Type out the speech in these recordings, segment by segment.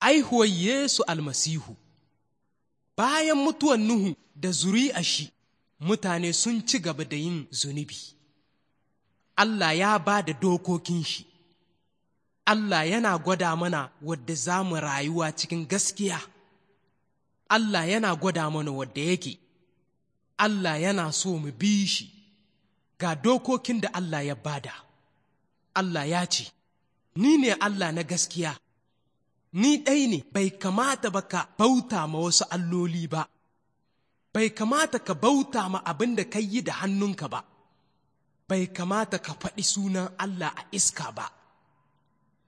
aihuwar Yesu almasihu, bayan mutuwan Nuhu da zuri a shi, mutane sun ci gaba da yin zunubi. Allah ya ba da dokokin shi, Allah yana gwada mana wadda za mu rayuwa cikin gaskiya, Allah yana gwada mana wadda yake, Allah yana so mu bi shi ga dokokin da Allah ya bada. Allah ya ce, Ni ne Allah na gaskiya. ni ɗai ne bai kamata ba ka bauta ma wasu alloli ba, bai kamata ka bauta ma abin da ka yi da hannunka ba, bai kamata ka faɗi sunan Allah a iska ba.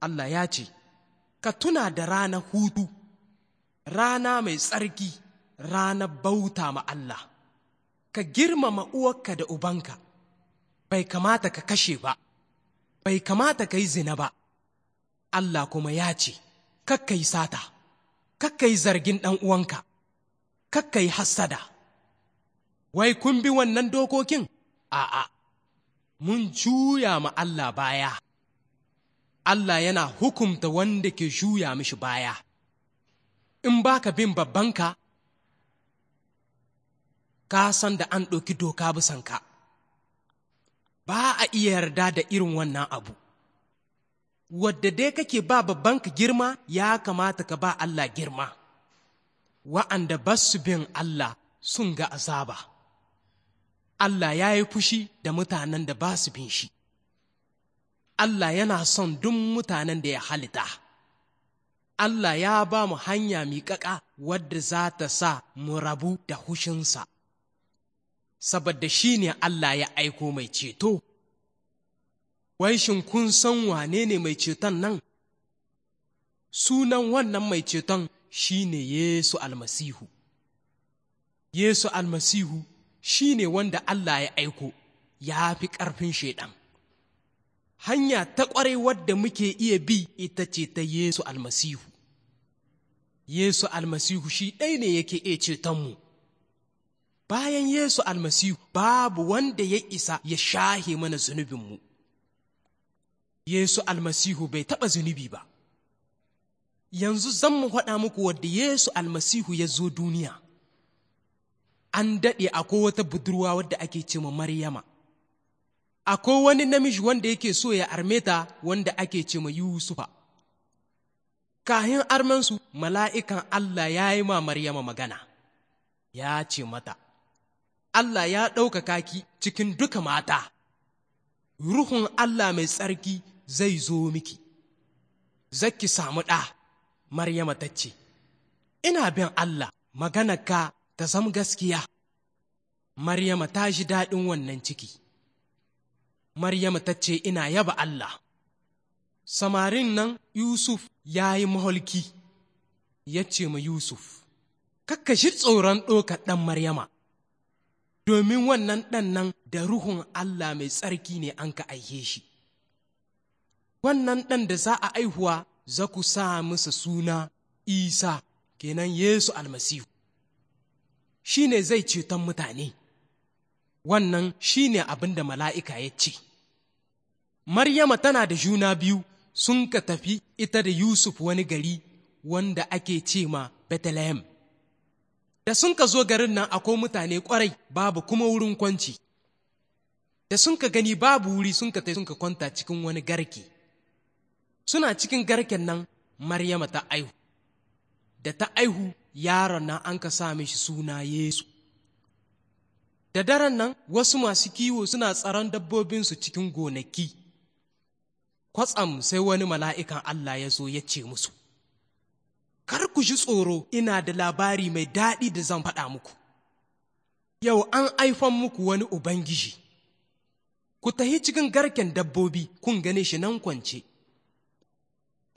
Allah ya ce, Ka tuna da rana hutu, rana mai tsarki, ranar bauta ma Allah, ka girmama uwarka da ubanka, bai kamata ka kashe ba, bai kamata ka yi zina ba, Allah kuma ya ce, kakkai sata, kakkai zargin ɗan uwanka, kakkai hassada. Wai kun bi wannan dokokin? A'a, mun juya ma Allah baya. Allah yana hukumta wanda ke juya mishi baya. In baka bin babbanka, ka san da an ɗauki doka bisanka. Ba a iya yarda da irin wannan abu. wadda dai kake ba babbanka girma ya kamata ka ba Allah girma wa'anda ba su bin Allah sun ga azaba Allah ya yi fushi da mutanen da ba su bin shi Allah yana son duk mutanen da ya halita Allah ya ba mu hanya miƙaƙa wadda za ta sa mu rabu da hushinsa saboda shi ne Allah ya aiko mai ceto wai shin kun san wane ne mai ceton nan? Sunan wannan mai ceton shi ne Yesu almasihu. Yesu almasihu shi ne wanda Allah ya aiko, ya fi ƙarfin shaiɗan. Hanya ta ƙwarai wadda muke iya bi ita ce ta Yesu almasihu. Yesu almasihu shi ɗai ne yake iya cetonmu. Bayan Yesu almasihu babu wanda ya isa ya shahe mana zunubinmu. Yesu almasihu bai taɓa zunubi ba. Yanzu zan mu faɗa muku wadda Yesu almasihu ya zo duniya. An daɗe akwai wata budurwa wadda ake ce ma Maryama. Akwai wani namiji wanda yake so ya armeta wanda ake ce ma Yusufa. Kahin armansu mala'ikan Allah ya yi ma Maryama magana, ya ce mata, Allah ya ɗaukaka ki cikin duka mata. ruhun Allah mai tsarki zai zo miki, zaki samu ɗa, Maryama ta ce, Ina bin Allah maganarka ta zam gaskiya, Maryama ta ji daɗin wannan ciki. Maryama ta ce, Ina yaba Allah, samarin nan Yusuf ya yi maholki, ya ce ma Yusuf, Kakka shi tsoron ɗokar ɗan Maryama, domin wannan ɗan nan da ruhun Allah mai tsarki ne an ka aihe shi. Wannan ɗan da za a aihuwa za ku sa masa suna Isa kenan Yesu almasihu, shi ne zai ceton mutane, wannan shi ne abin da mala'ika ya ce. Maryama tana da juna biyu sun ka tafi ita da Yusuf wani gari wanda ake ce ma Bethlehem. da sun ka zo garin nan akwai mutane kwarai babu kuma wurin kwanci da sun ka gani babu wuri sun ka tai sun ka kwanta cikin wani garke suna cikin garken nan maryama ta aihu da ta aihu yaron nan an ka sa mishi suna yesu da daren nan wasu masu kiwo suna tsaron dabbobinsu cikin gonaki kwatsam sai wani mala'ikan allah ya zo ya ce musu ku ji tsoro ina da labari mai daɗi da zan faɗa muku. Yau an aifan muku wani Ubangiji, ku tahi cikin garken dabbobi kun gane shi nan kwance.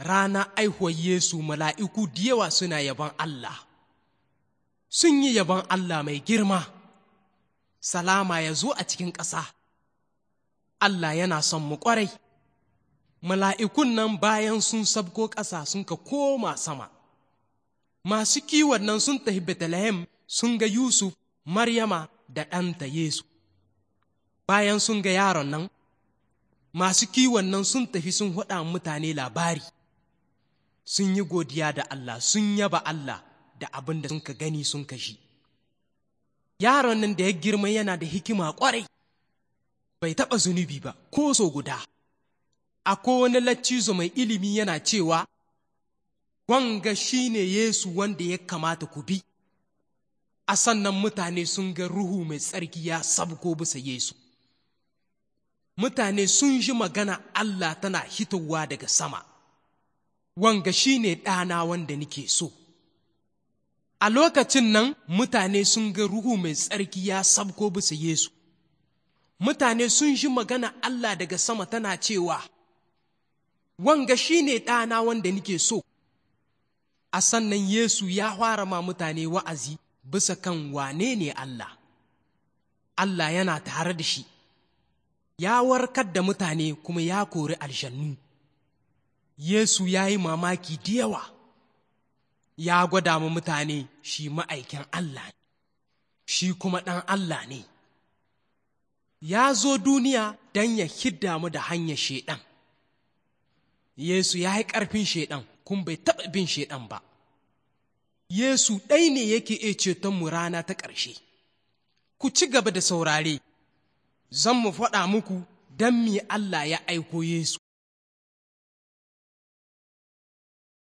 Rana aihuwar Yesu mala'iku da yawa suna yaban Allah, sun yi yaban Allah mai girma, salama ya zo a cikin ƙasa. Allah yana son mu ƙwarai. mala'ikun nan bayan sun sabko ƙasa sun ka koma sama. masu kiwon nan sun tafi Betlehem sun ga Yusuf, Maryama da ɗanta Yesu. Bayan sun ga yaron nan, masu kiwon nan sun tafi sun haɗa mutane labari, sun yi godiya da Allah, sun yaba Allah da abin da sun ka gani sun ka kashi. Yaron nan da ya girma yana da hikima ƙwarai, bai taɓa zunubi ba, ko so guda. Akwai wani laccizo mai ilimi yana cewa, wanga shi ne Yesu wanda ya kamata ku bi, a sannan mutane sun ga Ruhu mai tsarki ya sabko bisa Yesu. Mutane sun ji magana Allah tana hitowa daga sama, wanga shi ne ɗana wanda nike so. A lokacin nan mutane sun ga Ruhu mai tsarki ya sabko bisa Yesu. Mutane sun ji magana Allah daga sama tana cewa, Wanga shi ne ɗana wanda nike so. a sannan Yesu ya fara ma mutane wa'azi bisa kan wane ne Allah, Allah yana tare da shi, ya warkar da mutane kuma ya kori aljannu. Yesu ya yi mamaki da yawa, ya gwada ma mutane shi ma'aikin Allah ne, shi kuma ɗan Allah ne. Ya zo duniya don ya hidda mu da hanyar shaiɗan. Yesu ya yi ƙarfin shaiɗan. kun bai taɓa bin shaiɗan ba yesu ɗai ne yake iya ceton mu rana ta ƙarshe ku ci gaba da saurare zan mu faɗa muku don me Allah ya aiko yesu